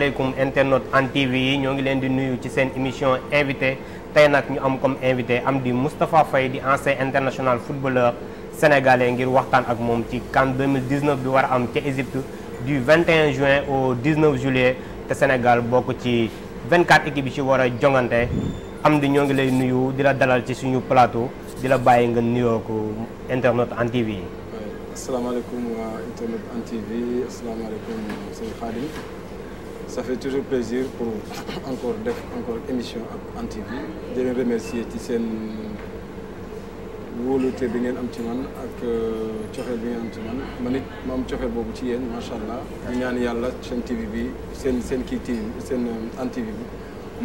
alaykoum internet en TV yi ñoo ngi leen di nuyu ci seen émission invité tay nak ñu am comme invité am di Moustapha Faye di ancien international footballeur sénégalais ngir waxtaan ak mom ci CAN 2019 bi war am Égypte du 21 juin au 19 juillet te Sénégal bokk ci 24 équipes ci wara jonganté jongante am di ñoo ngi lay nuyu di la dalal ci suñu plateau di la bàyyi nga nuyoo ko internet en TV yi internet en TV alaykoum sëñ Khadim ça fait toujours plaisir pour encore def encore émission ak Hann TV di leen remercier ci seen wóolute bi ngeen am ci man ak euh, coxeel bi ngeen am ci man man it ma am ci yéen macha ñaan yàlla seen TV bi seen seen kii TV seen Hann euh, TV bi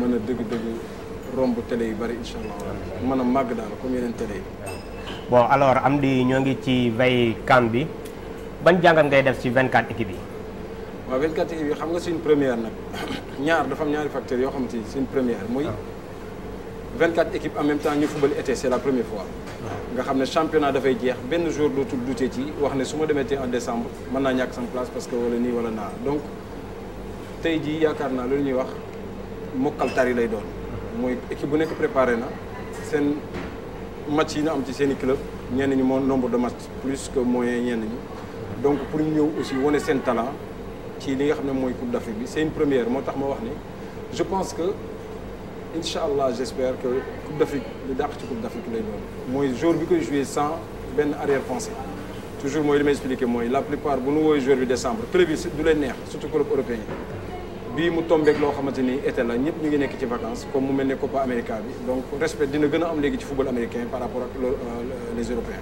mën a dëgg-dëgg télé yu bari Inch'Allah. allah mën a comme yeneen télé bon alors Amdi, di ñoo ngi ci veille CAN bi ban jàngat ngay def ci 24 équipes waaw 24 TV xam nga une première nag ñaar dafa am ñaari facteurs yo xam ci une première muy 24 équipes en même temps ñu football été c'est la première fois nga xam ne championnat fay jeex ben jour dootul dute ci wax ne su ma en décembre mën naa ñàkk sama place parce que wala ni wala na. donc tay ji yaakaar naa loolu ñuy wax mokal tari lay doon mooy équipe bu nekk préparé na seen match yi na am ci seen club ñenn ñi moo nombre de match plus que moyen ñenn ñi donc pour ñu ñëw aussi wane seen talent ci li nga xam ne mooy Coupe d'Afrique bi c'est une première moo tax ma wax ni je pense que incha allah j'espère que Coupe d'Afrique li dàq ci Coupe d'Afrique lay doon mooy jour bi koy joué sans benn arrière-pensée toujours mooy li may expliqué mooy la plupart bu nu woowee jour bi décembre prévision du leen neex surtout club européen yi bii mu tombeek loo xamante ni été la ñëpp ñu ngi nekk ci vacances comme mu mel ne Copa America bi donc respect dina gën a am léegi ci football américain par rapport ak euh, les européens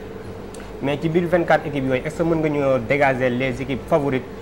mais ci biir 24 équipes yooyu est-ce que mën nga ñu dégager les équipes favorites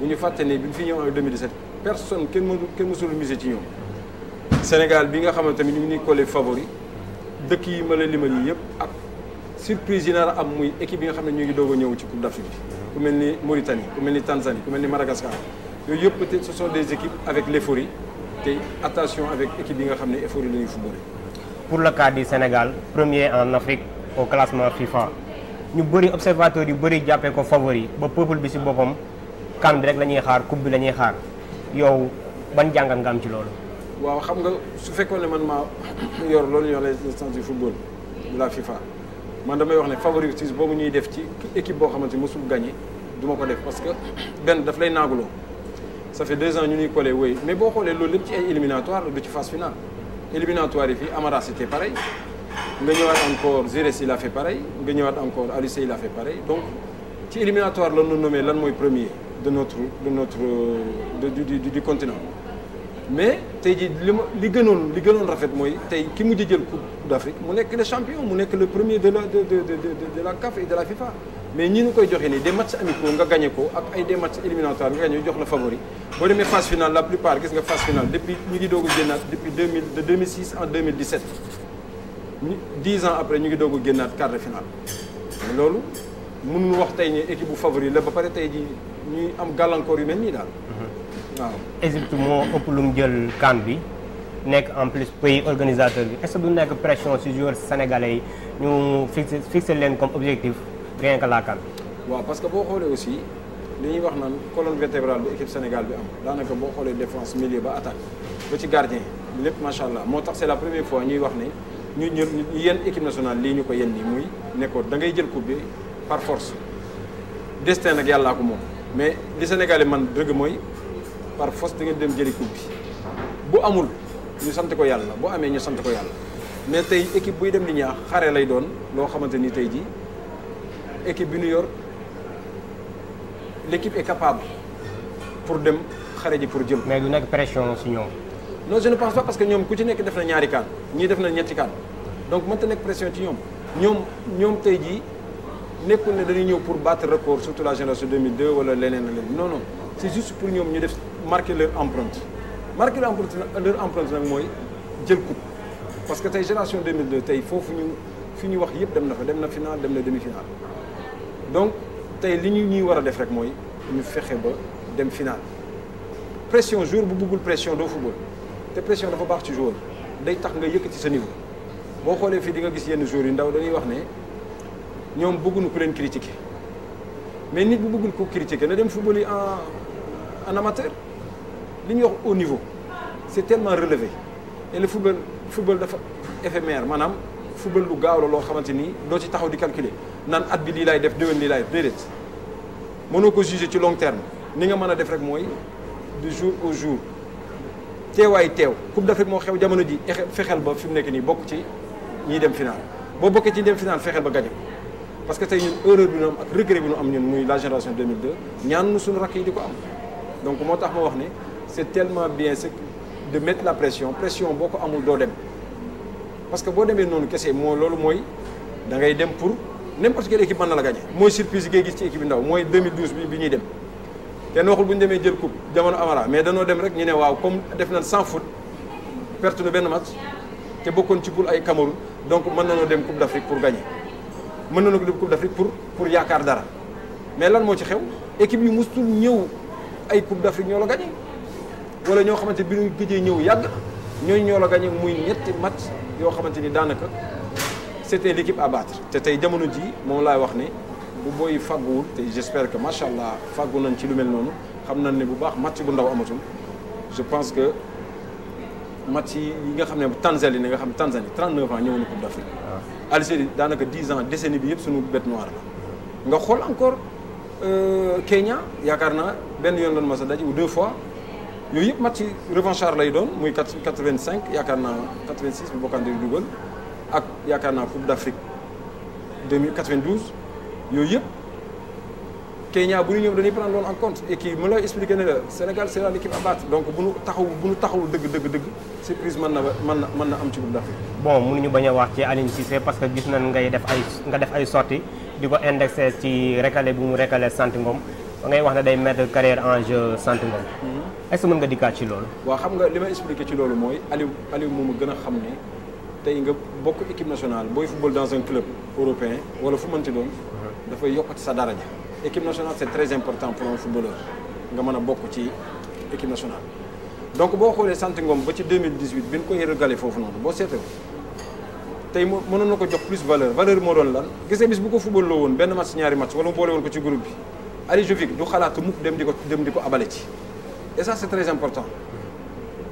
bu ñu fàtte ne bi ñu fi ñëw en 2017 personne kenn mënu kenn mësul musée ci ñoom Sénégal bi nga xamante ni ñu ngi collé favori dëkk yi ma la limal yi yëpp ak surprise yi nar a am muy équipe yi nga xam ne ñu ngi doog a ñëw ci Coupe d'Afrique ku mel ni Mauritanie ku mel ni Tanzanie ku mel ni Madagascar yooyu yëpp peut-être ce sont des équipes avec l'euphorie te attention avec équipe yi nga xam ne euphorie la ñuy footballé pour le cas du Sénégal premier en Afrique au classement FIFA ñu bëri observateurs yu bëri jàppee ko favori ba peuple bi si boppam kan bi rek la ñuy xaar coupe bi la ñuy xaar yow ban jàngat nga am ci loolu. waaw xam nga su fekkoon ne man maa yor loolu yor les instances du football de la FIFA man damay wax ne favoritisme boobu ñuy def ci équipe boo xamante ni mosul gagné du ma ko def parce que benn daf lay naaguloo ça fait deux ans ñu ñuy collé wéy mais boo xoolee loolu lépp ci ay éliminatoire du ci phase finale éliminatoire yi fii Amara c'était pareil nga ñëwaat encore Zirès il a fait pareil nga ñëwaat encore Alice il a fait pareil donc ci éliminatoire la ñu nommé lan mooy premier de notre de notre de du du du continent. mais tey jii li ma li gënoon li gënoon rafet mooy tey ki mujj jël coupe d'Afrique mu nekk le champion mu nekk le premier de la de de de de de la CAF et de la FIFA. mais ñi ñu koy joxe nii des matchs amicaux nga gagné ko ak ay des matchs éliminatoires nga gagné jox la favori Pour les phases finale la plupart gis nga phase finale depuis ñu ngi depuis 2000, de 2006 en 2017 dix ans après ñu ngi doog a quart de finale. mais loolu wax tey équipe bu favori la ba pare tey jii. Nous avons un yu mhm. corps humain en plus pays organisateur est-ce que avons une pression ci joueurs sénégalais comme objectif rien que la CAN. parce que vous aussi colonne vertébrale de l'équipe Sénégal Nous avons une défense milieu c'est la première fois que nous avons ñu équipe nationale qui ñu ko par force destin mais li Sénégalais man dëgg mooy par force da dem jëli coupe bi bu amul ñu sant ko yàlla bu amee ñu sant ko yàlla mais tey équipe buy dem di ñaax xare lay doon loo xamante ni tey ji équipe bi ñu yor l' équipe capable pour dem xare ji pour jël. mais du nekk pression si ñoom. non je ne pense parce que ñoom ku ci nekk def na ñaari kaan ñi def na ñetti kaan donc mënta nekk pression ci ñoom ñoom tey jii. nekul ne dañuy ñëw pour battre record surtout la génération 2002 wala leneen leneen non non c'est juste pour ñoom ñu def marquer leur empreinte marquer leur empreinte leur empreinte nag mooy jël coupe parce que tey génération 2002 tey foofu ñu fi ñu wax yëpp dem na fa dem na finale dem na demi finale donc tey li ñu ñuy war a def rek mooy ñu fexe ba dem finale pression jour bu buggul pression doo football te pression dafa baax ci joueur day tax nga yëkkati sa niveau boo xoolee fii di nga gis yenn joueurs yu ndaw dañuy wax ne ñoom ñu ko leen critiquer mais nit bu bëggul ko critiquer na dem football en en amateur li ñu wax au niveau c'est tellement relevé et le football football dafa éphémère maanaam football lu gaaw la loo xamante ni doo ci taxaw di calculer naan at bi lii lay def déwén lii lay def déedéet ko juger ci long terme ni nga mën a def rek mooy du jour au jour teewaay teew coupe d'Afrique moo xew jamono ji fexeel ba fi mu nekk nii bokk ci ñiy dem final boo bokkee ci dem final fexeel ba gañe parce que tey ñun erreur bi ñu am ak regret bi ñu am ñun muy la génération 2002 ñaan nu suñu rakk yi di ko am donc moo tax ma wax ne c'est tellement bien c'est de mettre la pression pression boo ko amul doo dem parce que boo demee noonu kese moo loolu mooy da ngay dem pour n'importe quelle équipe mën na la gagner mooy surprise yi ngay ci équipe ndaw mooy 2012 bi bi ñuy dem kenn waxul bu ñu jël coupe jamono amara mais danoo dem rek ñu ne waaw comme def nañ sans faute perdre na benn match te bokkoon ci poule ay Cameroun donc mën nanoo dem coupe d'Afrique pour gagner mën nañu ko def Coupe d'Afrique pour pour Yakar dara mais lan moo ci xew équipe yu musul ñëw ay Coupe d'Afrique ñoo la gagné wala ñoo xamante bi ñu gëjee ñëw Yag. ñooñu ñoo la gagné muy ñetti match yoo xamante ni daanaka c'était l'équipe à battre te tey jamono ji moom laay wax ne bu booy fàgguwul te j'espère que Machallah allah fàggu nañ ci lu mel noonu xam nañ ne bu baax match bu ndaw amatul je pense que match yi nga xam ne Tanzanie nga xam Tanzanie 39 ans ñëw na Coupe d'Afrique Algérie, dans les 10 ans, décennies, sont une bête noire. Nous avons encore euh, Kenya, Yakarna, Ben Yon, ou deux fois. y a eu un revanche à Laïdon, 85, Yakarna, 86, mais pas de Google, et Yakarna, Coupe d'Afrique, 92. Nous avons Kenya bu ñu ñëw dañuy prendre loolu en compte et qui me l'a expliqué ne la Sénégal c'est la l'équipe à battre donc bu ñu taxaw bu ñu taxaw dëgg dëgg dëgg surprise man na man na mën na am ci bu d'Afrique. bon mënuñu bañ a wax ci Aline Cissé parce que gis nañ ngay def ay nga def ay sorti di ko indexé ci récalé bu mu récalé Santy Ngom ngay wax ne day mettre carrière en jeu Santy Ngom. Hmm. est-ce eh, mën nga dikkaat ci loolu. waaw xam nga li ma ci loolu mooy Aliou Aliou moom a gën a xam ne tey nga bokk équipe nationale booy football dans un club européen wala fu mënti doon. Mhm. dafay yokkati sa daraja. équipe nationale c'est très important pour un footballeur nga y a beaucoup ci équipe nationale. donc si vous avez Ngom ba ci 2018 bi ñu koy regalé Fofu noonu boo seetee tey mu mënoon na jox plus valeur valeur moo doon lan gis nga bis bu ko footballoo woon vous match ñaari match wala mu boole woon ko ci groupe bi Ali Jovic du xalaat mukk dem di dem et ça c'est très important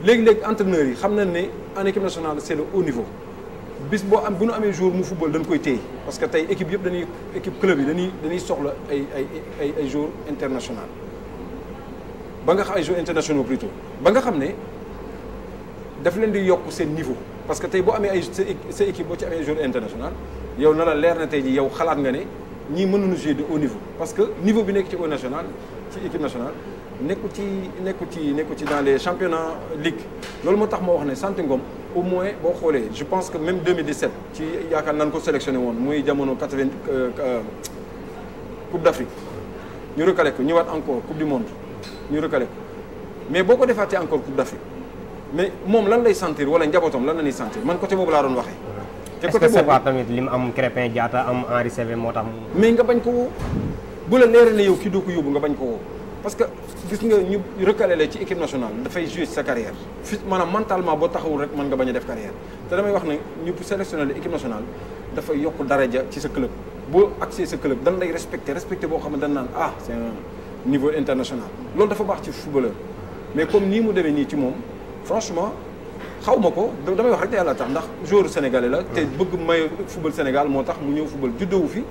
Les léegi entraîneurs yi xam nañ en équipe nationale c'est le haut niveau bis bo am bu ñu jour mu football dañ koy téy parce que tay équipe yëpp dañuy équipe club yi dañuy dañuy soxla ay ay ay ay joueurs international ba nga xam ay jour international plutôt ba nga xam ne daf leen di yokk seen niveau parce que tay bo amé ay sa équipe bo ci amee jour international yow na la leer na tay ji yow xalaat nga ne ñii mënuñu jouer de haut niveau parce que niveau bi nekk ci au national ci équipe nationale nekku ci nekku ci ci dans les championnats ligue loolu moo tax ma wax ne Ngom au moins bo xolé je pense que même 2017 ci yakar nan ko sélectionné won muy jamono 80 euh, euh, coupe d'Afrique ñu recalé ko ñëwaat encore coupe du monde ñu recalé ko mais boko ko encore coupe d'Afrique mais mom lan lay sentir wala njabotom lan la sentir man côté bobu la doon waxee. te côté boobu est-ce que tamit lim am Crépin jaata am Henri Saivet motax mais nga bañ ko bu la néré ne yow ki do ko yóbbu nga bañ ko parce que gis nga ñu recalé l'équipe ci équipe nationale dafay jouer sa carrière fi maanaam mentalement boo taxawul rek mën nga de def carrière te damay wax ne ñu sélectionné la équipe nationale dafa yokk daraja ci sa club boo accès ce club dan lay respecter. Respecter, boo xam ah c'est un niveau international loolu dafa baax ci footballeur mais comme nous mu demee nii ci moom franchement xaw ma ko damay wax rek te yàlla tax ndax joueur sénégalais la te bëgg may football Sénégal moo tax mu ñëw football juddoowu fi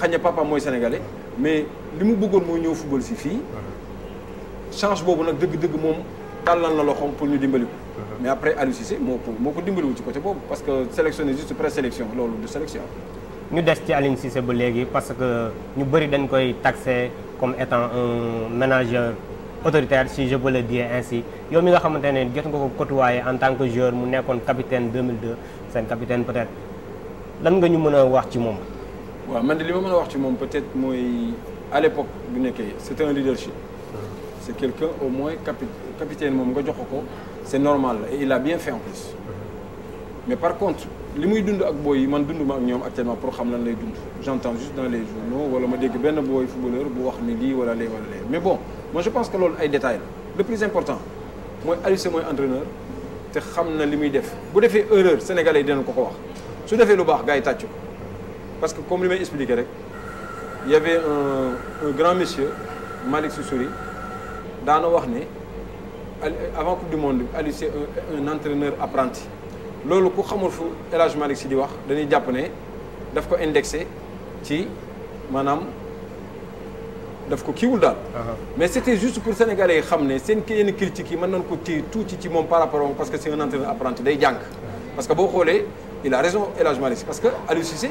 xañ na papa moi sénégalais mais li mu bëggoon moo ñëw football si change bobu nak dëgg-dëgg moom tàllal la loxom pour ñu dimbali ko. Uh-huh. mais après Aliou Cissé moko moko dimbali wu dimbaliwul ci côté bobu parce que sélectionné juste pré-sélection lolu du sélection ñu dess ci Aliou Cissé ba légui parce que ñu bari dañ koy taxer comme étant un manager autoritaire si je peux le dire ainsi yow mi nga xamante ne jot nga ko côtoyé en tant que joueur mu nekkoon capitaine 2002 seen capitaine peut-être lan nga ñu mëna wax ci moom waaw man de li wax peut-être moi à l'époque c'était C'était un leadership. c'est quelqu'un au moins capitaine moom nga jox c'est normal et il a bien fait en plus. mais par contre Ce qu'il dund ak avec yi man dund ma ak actuellement pour xam lan lay dund j'entends juste dans les journaux wala ma dégg benn booy footballeur bu wax ni lii wala voilà. mais bon moi je pense que c'est des détails le plus important C'est Ali c'est mooy entraîneur te xam na li muy def fait une erreur sénégalais yi dinañ ko ko wax su defee lu baax gars yi tàcc ko parce que comme je l'ai expliqué, il y avait un, grand monsieur, Malik Soussouri, dans le années, avant la Coupe du Monde, c'est un, entraîneur apprenti. Lolo, pour savoir ce que Malik Sidi wax, dañuy japp né daf ko indexé ci manam daf ko kiwul dal. Uh-huh. Mais c'était juste pour les sénégalais xamné sen une critique yi mën nañ ko tiir tout ci mom par rapport parce que c'est un entraîneur apprenti day jank uh-huh. Parce que bo xolé il a raison elage Malik parce que lui Cissé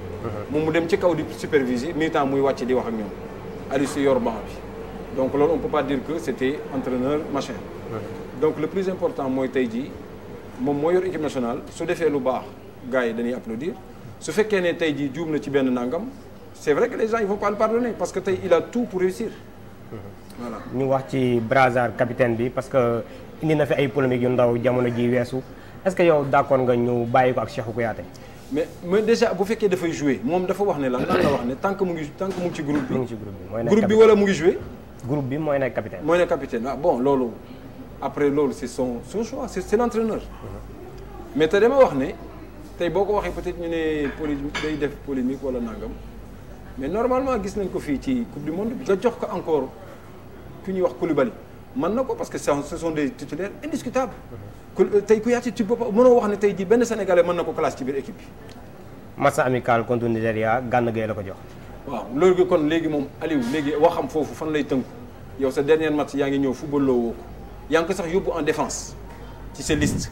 moom mu dem ci kaw di superviser militant muy wàcc di wax ak ñom Aliou Cissé yor bi donc loolu on peut pas dire que c'était entraîneur machin donc le plus important moy tey jii moom moo yor équipe nationale su défé lu baax gars dañuy applaudir su fekkee ne tey jii juum na ci ben nangam c'est vrai que les gens ils vont pas le pardonner parce que tay il a tout pour réussir voilà ñu wax ci brazard capitaine bi parce que indi na fi ay polémique yu ndaw jamono ji wessu est-ce que yow d'accord nga ñu bayiko ak Cheikhou Kouyaté mais mais déjà faites qu'il faut jouer moi dafa wax ne lan la wax tant que tant que mu ci groupe ci groupe bi mooy groupe bi wala mu jouer. groupe bi mooy nekk capitaine. mooy nekk capitaine ah bon lolo après lolo c'est son son choix c'est l'entraîneur. Mm-hmm. mais te dama wax né tay boko ko peut-être ñu né poli day def polémique wala nangam mais normalement gis nañ ko fi ci coupe du monde bi. nga jox ko encore ku ñu wax Koulibaly man nako parce que ce sont des titulaires indiscutables. Mm-hmm ku yati ci dire wax ne un ji qui sénégalais mën ko ci biir équipe amical contre Nigeria, gann gay la ko jox. waaw loolu gi kon légui mom Aliou légui waxam fofu fan lay yow sa dernier match football Tu woko ko sax en défense ci ce liste.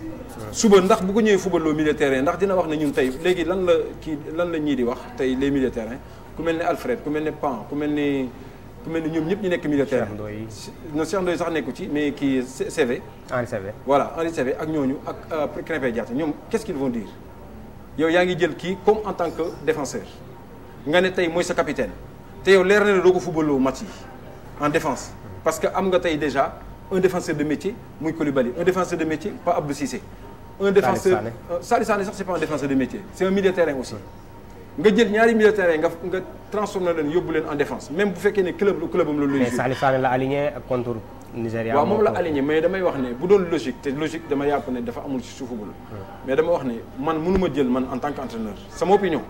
suba ndax bu ko football ndax dina wax ne ñun tay légui lan la ki lan la ñi di wax tay les ku Alfred ku melni Pan ku melni mais nous, ni ñoom ñëpp ñu nekk militaire. Cheikh Ndoye non mais qui sax ci mais CV. Henri CV voilà Henri CV ak ñooñu ak euh, Krépin Diatta ñoom qu'est-ce qu'ils vont dire yow yaa dit jël kii comme en tant que défenseur nga ne tey mooy ce capitaine te yow l'air na ne football ko match en défense parce que am nga déjà un défenseur de métier muy Koulibaly un défenseur de métier pas Abdou Cissé un défenseur ça, euh, sax c'est pas un défenseur de métier c'est un milieu de terrain aussi nga jël ñaari milieu terrain nga nga transformé leen yóbbu leen en défense même bu fekkee ne club lu clubam la luy mais Salif Sané la aligné contre Nigéria waaw moom la aligné mais damay wax ne bu doon logique te logique dama yàpp ne dafa amul ci suufu bul hmm. mais dama wax ne man mënu jël man en tant qu'entraîneur sama opinion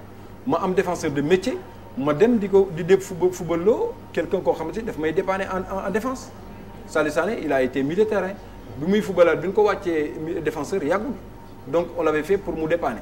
ma am défenseur de métier ma dem di ko di football football loo quelqu'un koo xamante daf may dépanner en en défense Salif Sané il a été milieu terrain bi muy footballeur bi ñu ko wàccee défenseur yàggul donc on l'avait fait pour mu dépanner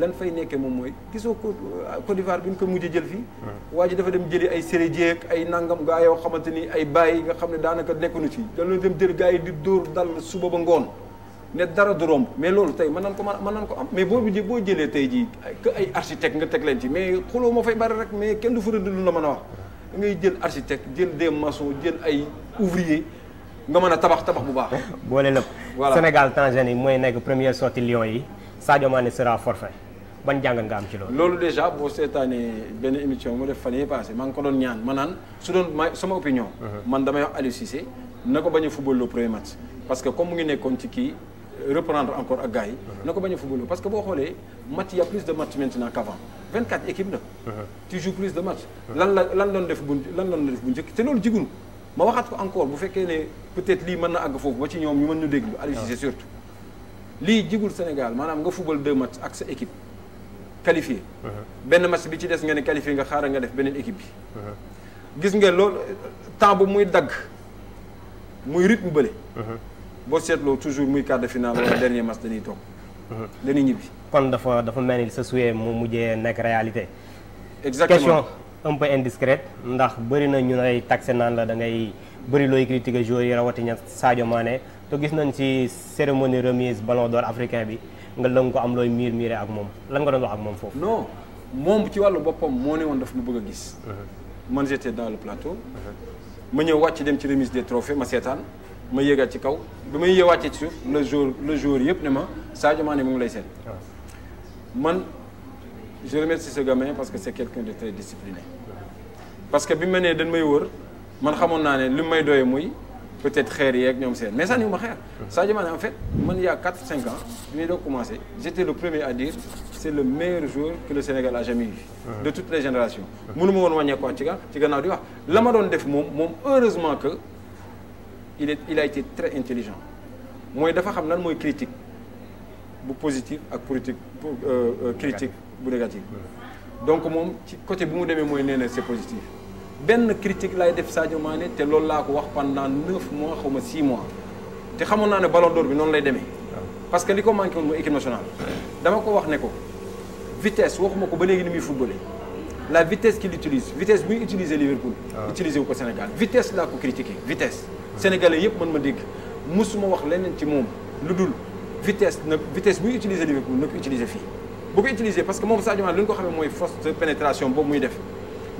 lan fay nekkee moom mooy gisoo ko Côte d'Ivoire bi ñu ko mujj jël fii. waa ji dafa dem jëli ay séréje ak ay nangam gaa yoo xamante ni ay bàyyi nga xam ne daanaka nekkuñu ci. dañu dem jël gaa yi di dóor dal suba ba ngoon ne dara du romb mais loolu tey mën nan ko mën nan ko am mais boo boo jëlee tey jii que ay architecte nga teg leen ci mais xuloo ma fay bari rek mais kenn du fa rëdd lu la mën a wax ngay jël architecte jël des maçons jël ay ouvrier nga mën a tabax tabax bu baax. boole lépp. voilà Sénégal Tanzanie mooy nekk première sortie Lions yi. Sadio Mané sera forfait ban jàngat nga am ci lolu. Lolu déjà bo sétane ben émission mo def fan yii passé maa ko don ñaan manan su don sama opinion. Mhm. man damay wax Aliou Cissé nako ko football le premier match. parce que comme mu ngi nekkoon ci ki reprendre encore ak gars yi. Mhm. na ko football parce que bo xolé match y a plus de match maintenant qu'avant 24 équipes la. Mhm. tu joues plus de match. lan lan don def bu lan doon def bu njëkk te loolu jigul ma waxat ko encore bu fekkee né peut-être li mën na ag fofu ba ci ñom ñu mën ñu déglu. Aliou Cissé ah. surtout. lii jigul Sénégal maanaam nga fubal deux matchs ak sa équipe qualifié benn match bi ci des nga ne qualifié nga xaaral nga def beneen équipe bi gis nga loolu temps muy dagg muy rythme bële boo seetloo toujours muy quart de finale wala dernier match dañuy toog dañuy ñibbi kon dafa dafa mel ni sa souhait mu mujjee nekk réalité question un peu indiscrète ndax bëri na ñu lay taxé naan la da bëri looy critiquer joueurs yi rawatina Sadio Mané te gis nañ ci cérémonie remise ballon d'or africain bi nga lëng ko am looy miir miire ak moom lan nga doon wax ak moom foofu. non moom ci wàllu boppam moo ne woon daf ma bëgg a gis. Mhm. man j'étais dans le plateau. ma ñëw wàcc dem ci remise des trophées ma sétane. ma yéegaat ci kaw bi may yéewaat ci suuf le jour le jour yëpp ne ma Sadio Mané mu ngi lay laisser. man je remercie ce gamin parce que c'est quelqu'un de très discipliné. parce que bi ma nee dañ may wër man xamoon naa ne li may peut-être xeer yeeg ñoom seen mais ça, xeer. Sadio Mané en fait il y a 4 5 ans je ñu commencé J'étais le premier à dire que c'est le meilleur joueur que le Sénégal a jamais eu. de toutes les générations. Je ne woon pas ci ci gannaaw di wax la ma heureusement que il est il a été très intelligent mooy dafa xam lan mooy critique bu positif ak politique euh, euh, critique bu négatif donc moom ci côté bu mu positif ben critique lay def Sadio Mané té lool la ko wax pendant neuf mois xaw ma six mois té xamoon naa ballon d'or bi non lay démé parce que liko ko manqué mo équipe nationale. dama ko wax né ko vitesse waxuma ko ba légui ni mi footballé la vitesse qu'il utilise vitesse bu ñu utiliser Liverpool. Ah. utiliser wu ko Sénégal vitesse la ko critiquer vitesse. sénégalais yépp mën ma dégg musuma wax lénen ci mom ludul vitesse na vitesse bu ñu utiliser Liverpool na ko utiliser fi bu ko utiliser parce que mom Sadio Mané lu ko xamé moy force de pénétration boobu muy def.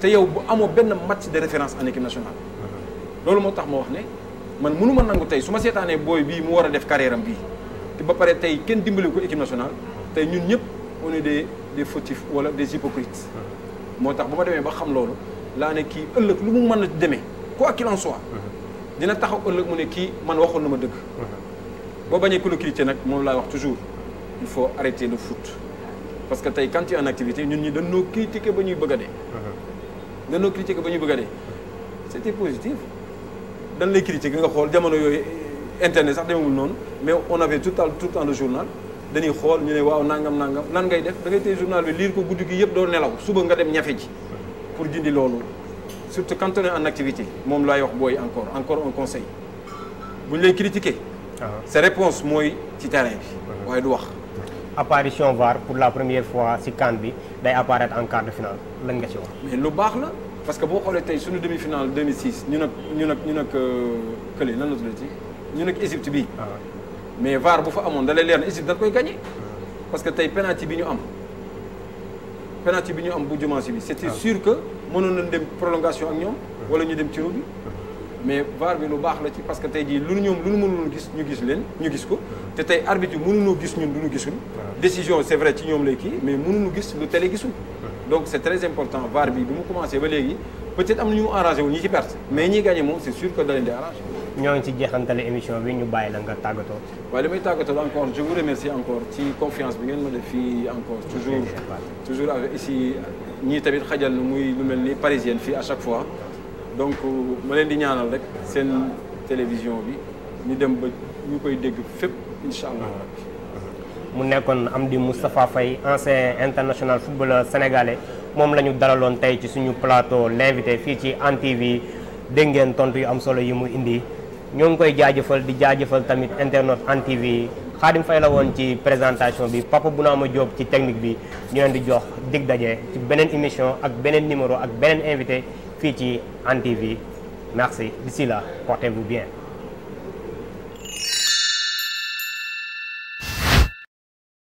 te yow bu Amo benn match de référence en équipe nationale. loolu moo tax ma wax ne man mënu ma nangu tey su ma seetaanee booy bii mu war def carrière am bii te ba pare tey kenn dimbali ko équipe nationale tey ñun ñëpp on est des des fautifs wala des hypocrites. moo tax bu ma demee ba xam loolu laa ne kii ëllëg lu mu mën a quoi qu'il en soit. dina taxaw ëllëg mu ne kii man waxoon na ma dëgg. boo bañee ku la critiquer nag moom wax toujours il faut arrêter le foot parce que tey quand tu es une activité ñun ñi dañoo critiquer ba ñuy bëgg a c'était nos critiques positif Dans les critiques internet mais on avait tout tout temps le journal dañuy ñu nangam nangam journal lire surtout quand on est en activité mon encore encore un conseil Vous voulez lay c'est ah. réponses, réponse terrain apparition VAR pour la première fois si Kanbi bi day apparaître en quart de finale lan nga ci wax. mais lu baax la parce que boo xoolee tey suñu demi finale 2006 ñu nag ñu nag ñu nag euh, kële nan la tuddee ci ñu nag Égypte bii. Ah. mais VAR bu fa amoon da lay leer ne Égypte dañ koy gagné. Ah. parce que tey penalty bi ñu am penalty bi ñu am bu dimanche bi. c' était ah. sûr que mënoon nañ dem prolongation ak ñoom. wala ñu dem ci bi mais VAR bi lu parce que tay jii lu ñoom lu ñu mënul gis ñu gis leen ñu gis ko arbitre gis ñun lu gisul décision c'est vrai ci ñoom lay mais mënuñu gis lu télé gisul donc c'est très important VAR bi bi mu peut-être am nous ñu arrangé wu ñi ci mais ñi gagné c'est sûr que da arrangé Nous, ci nous émission bi ñu la nga je vous remercie encore ci confiance bi ma encore toujours avec ici nous tamit xajal à chaque fois donc ma leen di ñaanal rek seen télévision bi ñu dem ba ñu koy dégg fépp incha allah. mu nekkoon Amdy Moustapha Faye ancien international footballeur sénégalais moom la ñu dalaloon tey ci suñu plateau l'invité fii ci Hann TV dégg ngeen tontu yu am solo yi mu indi ñoo ngi koy jaajëfal di jaajëfal tamit internet Hann TV Xaadim Fay la woon ci présentation bi Papa Bounama Diop ci technique bi ñu leen di jox dig daje ci beneen émission ak beneen numéro ak beneen invité. TV merci d'ici là portez-vous bien